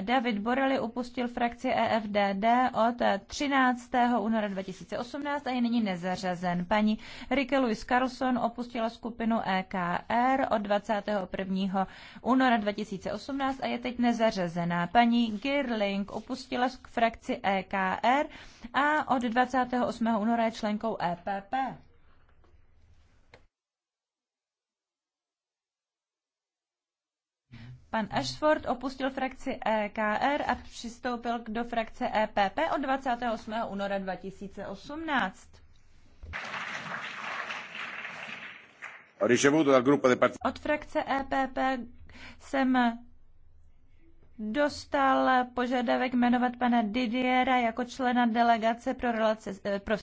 David Borelli upustil frakci EFDD od 13. února 2018 a je nyní nezařazen. Paní Rike Louise Carlson opustila skupinu EKR od 21. února 2018 a je teď nezařazená. Paní Girling opustila frakci EKR a od 28. února je členkou EPP. Pan Ashford opustil frakci EKR a přistoupil do frakce EPP od 28. února 2018. Od frakce EPP jsem dostal požadavek jmenovat pana Didiera jako člena delegace pro, relace, eh, pro